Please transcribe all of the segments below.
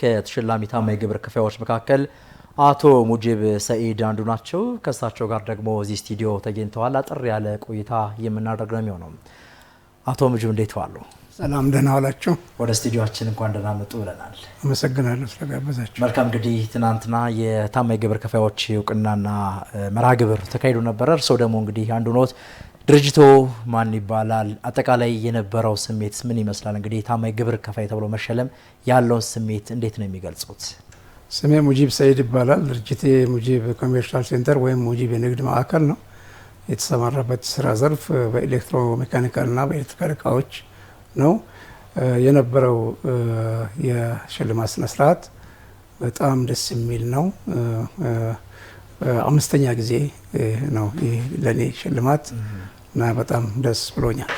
ከተሸላሚ ታማኝ ግብር ከፋዮች መካከል አቶ ሙጂብ ሰኢድ አንዱ ናቸው። ከእሳቸው ጋር ደግሞ እዚህ ስቱዲዮ ተገኝተዋል። አጠር ያለ ቆይታ የምናደርግ ነው የሚሆነው። አቶ ሙጂብ እንዴት ዋሉ? ሰላም ደህና ዋላችሁ። ወደ ስቱዲዮችን እንኳን ደህና መጡ ብለናል። አመሰግናለሁ ስለጋበዛችሁ። መልካም እንግዲህ ትናንትና የታማኝ ግብር ከፋዮች እውቅናና መርሃ ግብር ተካሂዶ ነበረ። እርስዎ ደግሞ እንግዲህ አንዱ ኖት ድርጅቶ ማን ይባላል? አጠቃላይ የነበረው ስሜት ምን ይመስላል? እንግዲህ ታማኝ ግብር ከፋይ ተብሎ መሸለም ያለውን ስሜት እንዴት ነው የሚገልጹት? ስሜ ሙጂብ ሰይድ ይባላል። ድርጅቴ ሙጂብ ኮሜርሻል ሴንተር ወይም ሙጂብ የንግድ ማዕከል ነው። የተሰማራበት ስራ ዘርፍ በኤሌክትሮ ሜካኒካልና በኤሌክትሪካል እቃዎች ነው። የነበረው የሽልማት ስነስርዓት በጣም ደስ የሚል ነው። አምስተኛ ጊዜ ነው ይህ ለእኔ ሽልማት እና በጣም ደስ ብሎኛል።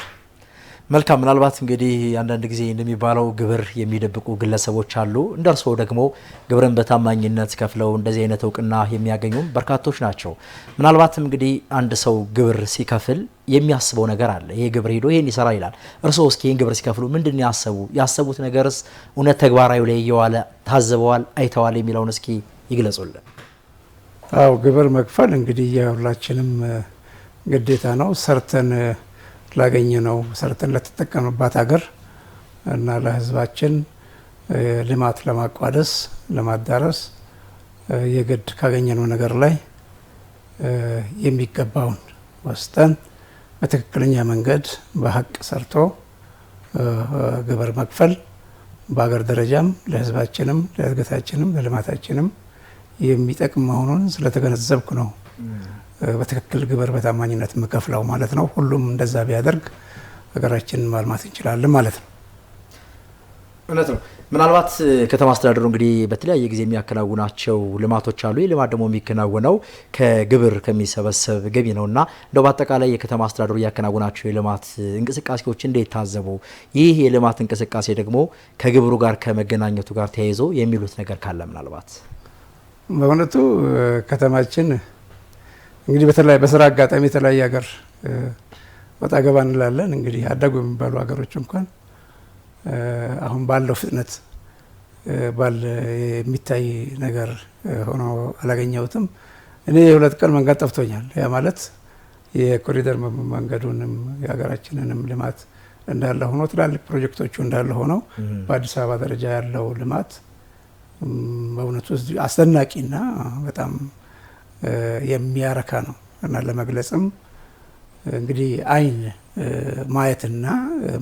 መልካም ምናልባት እንግዲህ አንዳንድ ጊዜ እንደሚባለው ግብር የሚደብቁ ግለሰቦች አሉ። እንደርሶ ደግሞ ግብርን በታማኝነት ከፍለው እንደዚህ አይነት እውቅና የሚያገኙም በርካቶች ናቸው። ምናልባትም እንግዲህ አንድ ሰው ግብር ሲከፍል የሚያስበው ነገር አለ። ይሄ ግብር ሄዶ ይሄን ይሰራ ይላል። እርስዎ እስኪ ይህን ግብር ሲከፍሉ ምንድን ያሰቡ? ያሰቡት ነገርስ እውነት ተግባራዊ ላይ እየዋለ ታዘበዋል፣ አይተዋል የሚለውን እስኪ ይግለጹልን። አው ግብር መክፈል እንግዲህ የሁላችንም ግዴታ ነው። ሰርተን ላገኘ ነው ሰርተን ለተጠቀምባት ሀገር እና ለህዝባችን ልማት ለማቋደስ ለማዳረስ የግድ ካገኘነው ነገር ላይ የሚገባውን ወስጠን በትክክለኛ መንገድ በሀቅ ሰርቶ ግብር መክፈል በሀገር ደረጃም ለህዝባችንም ለእድገታችንም ለልማታችንም የሚጠቅም መሆኑን ስለተገነዘብኩ ነው በትክክል ግብር በታማኝነት የምከፍለው ማለት ነው። ሁሉም እንደዛ ቢያደርግ ሀገራችንን ማልማት እንችላለን ማለት ነው። እውነት ነው። ምናልባት ከተማ አስተዳደሩ እንግዲህ በተለያየ ጊዜ የሚያከናውናቸው ልማቶች አሉ። ይህ ልማት ደግሞ የሚከናወነው ከግብር ከሚሰበሰብ ገቢ ነው እና እንደው በአጠቃላይ የከተማ አስተዳደሩ እያከናውናቸው የልማት እንቅስቃሴዎች እንዴት ታዘቡ? ይህ የልማት እንቅስቃሴ ደግሞ ከግብሩ ጋር ከመገናኘቱ ጋር ተያይዞ የሚሉት ነገር ካለ ምናልባት በእውነቱ ከተማችን እንግዲህ በተለይ በስራ አጋጣሚ የተለያየ ሀገር ወጣ ገባ እንላለን። እንግዲህ አደጉ የሚባሉ ሀገሮች እንኳን አሁን ባለው ፍጥነት ባለ የሚታይ ነገር ሆኖ አላገኘሁትም። እኔ የሁለት ቀን መንገድ ጠፍቶኛል። ያ ማለት የኮሪደር መንገዱንም የሀገራችንንም ልማት እንዳለ ሆኖ ትላልቅ ፕሮጀክቶቹ እንዳለ ሆነው በአዲስ አበባ ደረጃ ያለው ልማት ማለቱ አስደናቂና በጣም የሚያረካ ነው እና ለመግለጽም እንግዲህ አይን ማየትና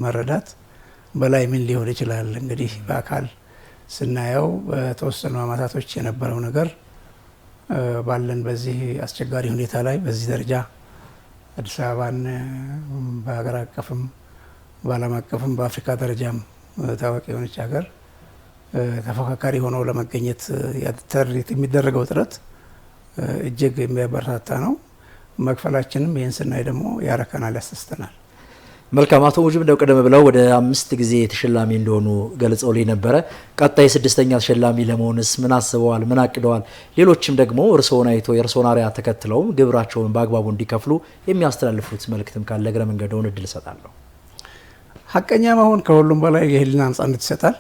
መረዳት በላይ ምን ሊሆን ይችላል? እንግዲህ በአካል ስናየው በተወሰኑ አመታቶች የነበረው ነገር ባለን በዚህ አስቸጋሪ ሁኔታ ላይ በዚህ ደረጃ አዲስ አበባን በሀገር አቀፍም በዓለም አቀፍም በአፍሪካ ደረጃም ታዋቂ የሆነች ሀገር ተፎካካሪ ሆነው ለመገኘት የሚደረገው ጥረት እጅግ የሚያበረታታ ነው። መክፈላችንም ይህን ስናይ ደግሞ ያረካናል፣ ያስደስተናል። መልካም አቶ ሙጅብ እንደው ቀደም ብለው ወደ አምስት ጊዜ ተሸላሚ እንደሆኑ ገልጸው ላይ ነበረ። ቀጣይ ስድስተኛ ተሸላሚ ለመሆንስ ምን አስበዋል? ምን አቅደዋል? ሌሎችም ደግሞ እርስዎን አይቶ የእርስዎን አርያ ተከትለውም ግብራቸውን በአግባቡ እንዲከፍሉ የሚያስተላልፉት መልእክትም ካለ እግረ መንገደውን እድል እሰጣለሁ። ሀቀኛ መሆን ከሁሉም በላይ የህሊና ነጻነት ይሰጣል።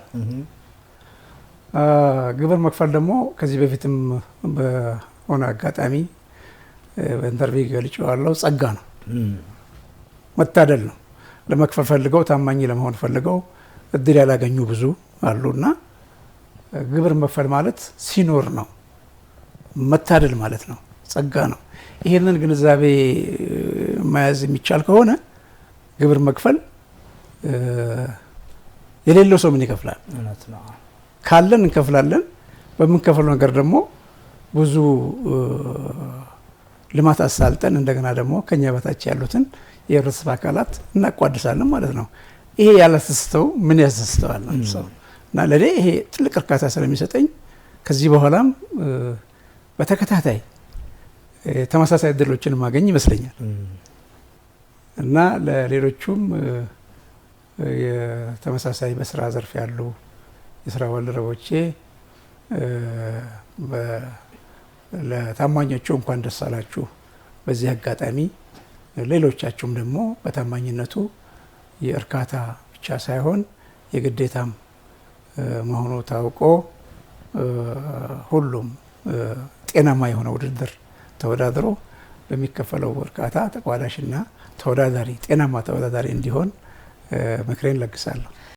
ግብር መክፈል ደግሞ ከዚህ በፊትም በሆነ አጋጣሚ በኢንተርቪው ገልጬዋለሁ። ጸጋ ነው፣ መታደል ነው። ለመክፈል ፈልገው ታማኝ ለመሆን ፈልገው እድል ያላገኙ ብዙ አሉና ግብር መክፈል ማለት ሲኖር ነው፣ መታደል ማለት ነው፣ ጸጋ ነው። ይህንን ግንዛቤ መያዝ የሚቻል ከሆነ ግብር መክፈል የሌለው ሰው ምን ይከፍላል? ካለን እንከፍላለን። በምንከፍለው ነገር ደግሞ ብዙ ልማት አሳልጠን እንደገና ደግሞ ከኛ በታች ያሉትን የህብረተሰብ አካላት እናቋድሳለን ማለት ነው። ይሄ ያላስስተው ምን ያስስተዋል ነው ሰው እና ለእኔ ይሄ ትልቅ እርካታ ስለሚሰጠኝ ከዚህ በኋላም በተከታታይ ተመሳሳይ እድሎችን ማገኝ ይመስለኛል እና ለሌሎቹም የተመሳሳይ በስራ ዘርፍ ያሉ የስራ ባልደረቦቼ ለታማኞቹ እንኳን ደስ አላችሁ። በዚህ አጋጣሚ ሌሎቻችሁም ደግሞ በታማኝነቱ የእርካታ ብቻ ሳይሆን የግዴታም መሆኑ ታውቆ ሁሉም ጤናማ የሆነ ውድድር ተወዳድሮ በሚከፈለው እርካታ ተቋዳሽና ተወዳዳሪ ጤናማ ተወዳዳሪ እንዲሆን ምክሬን ለግሳለሁ።